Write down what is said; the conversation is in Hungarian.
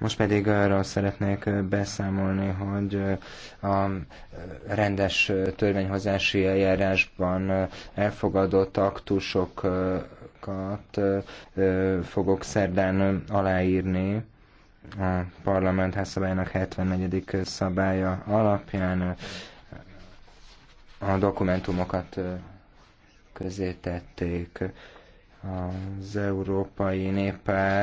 Most pedig arra szeretnék beszámolni, hogy a rendes törvényhozási eljárásban elfogadott aktusokat fogok szerdán aláírni a parlament házszabályának 74. szabálya alapján a dokumentumokat közé tették az Európai Néppárt